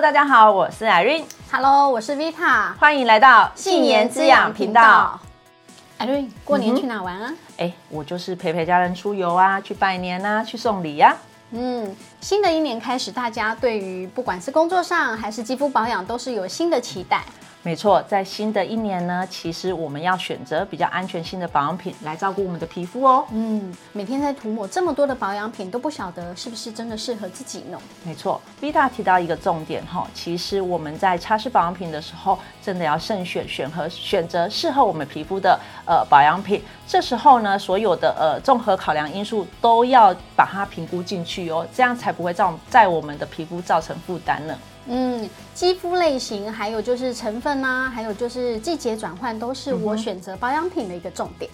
大家好，我是 Irene，Hello，我是 Vita，歡迎來到杏顏滋養頻道。Irene，過年去哪玩啊？哎、嗯，我就是陪陪家人出遊啊，去拜年啊，去送禮呀、啊。嗯，新的一年開始，大家對於不管是工作上還是肌膚保養，都是有新的期待。沒錯，在新的一年呢，其實我們要選擇比較安全性的保養品來照顧我們的皮膚哦。嗯，每天在塗抹這麼多的保養品，都不曉得是不是真的適合自己呢？沒錯，Vita 提到一個重點哈，其實我們在擦拭保養品的時候，真的要慎選、選和選擇適合我們皮膚的呃保養品。這時候呢，所有的呃綜合考量因素都要把它評估進去哦，這樣才不會造在我們的皮膚造成負擔呢。嗯，肌膚類型，還有就是成分呢、啊，還有就是季節轉換，都是我選擇保養品的一個重點。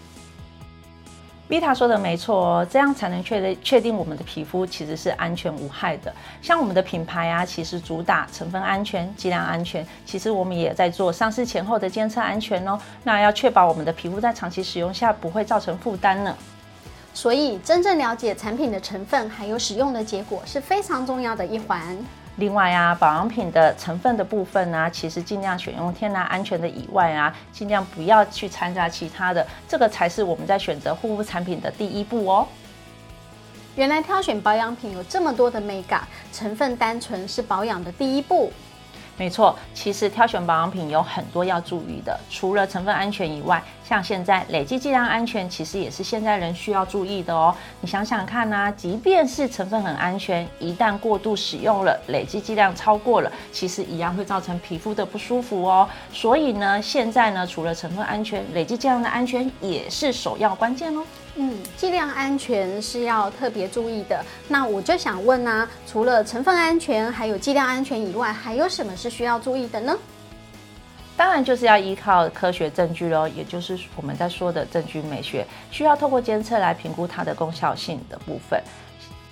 Vita 說的沒錯，這樣才能確確定我們的皮膚其實是安全無害的。像我們的品牌啊，其實主打成分安全，劑量安全，其實我們也在做上市前後的監測安全哦。那要確保我們的皮膚在長期使用下不會造成負擔呢。所以，真正了解產品的成分，還有使用的結果，是非常重要的一環。另外啊，保養品的成分的部分呢、啊，其實儘量選用天然安全的以外啊，儘量不要去摻雜其他的，這個才是我們在選擇護膚產品的第一步哦。原來挑選保養品有這麼多的眉角，成分單純是保養的第一步。沒錯，其實挑選保養品有很多要注意的，除了成分安全以外，像現在累積劑量安全，其實也是現在人需要注意的哦。你想想看呢、啊，即便是成分很安全，一旦過度使用了，累積劑量超過了，其實一樣會造成皮膚的不舒服哦。所以呢，現在呢，除了成分安全，累積劑量的安全也是首要關鍵哦。嗯，劑量安全是要特別注意的。那我就想問呢、啊，除了成分安全，還有劑量安全以外，還有什麼是需要注意的呢？當然就是要依靠科學證據咯，也就是我們在說的證據美學，需要透過監測來評估它的功效性的部分。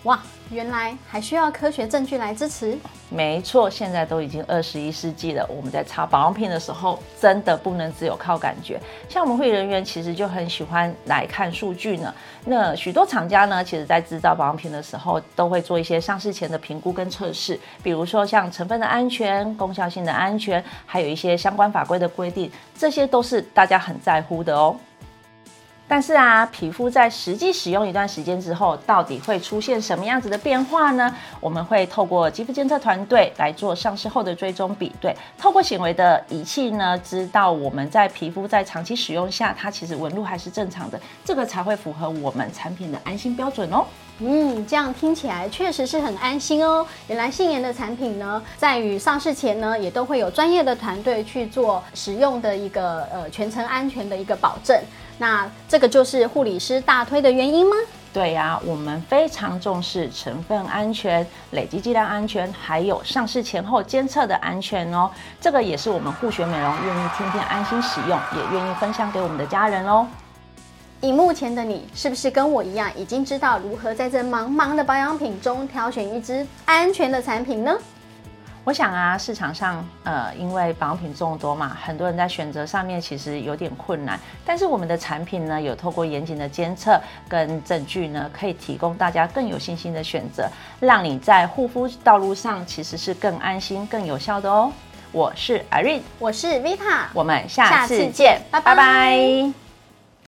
哇，原來還需要科學證據來支持？沒錯，現在都已經二十一世紀了，我們在擦保養品的時候，真的不能只有靠感覺。像我們護理人員其實就很喜歡來看數據呢。那許多廠家呢，其實在制造保養品的時候，都會做一些上市前的評估跟測試，比如說像成分的安全、功效性的安全，還有一些相關法規的規定，這些都是大家很在乎的哦。但是啊，皮膚在實際使用一段時間之後，到底會出現什麼樣子的變化呢？我們會透過肌膚監測團隊來做上市後的追蹤比對，透過顯微的儀器呢，知道我們在皮膚在長期使用下，它其實紋路還是正常的，這個才會符合我們產品的安心標準哦。嗯，這樣聽起來確實是很安心哦。原來杏顏的產品呢，在於上市前呢，也都會有專業的團隊去做使用的一個呃全程安全的一個保證。那這個。這個就是護理師大推的原因嗎？對呀，我們非常重視成分安全、累積劑量安全，還有上市前後監測的安全哦。這個也是我們護學美容願意天天安心使用，也願意分享給我們的家人哦。屏幕前的你，是不是跟我一樣，已經知道如何在這茫茫的保養品中挑選一支安全的產品呢？我想啊，市場上，呃，因為保養品眾多嘛，很多人在選擇上面其實有點困難。但是我們的產品呢，有透過嚴謹的監測跟證據呢，可以提供大家更有信心的選擇，讓你在護膚道路上其實是更安心、更有效的哦。我是 Irene，我是 Vita，我們下次見，下次見，拜拜。拜拜。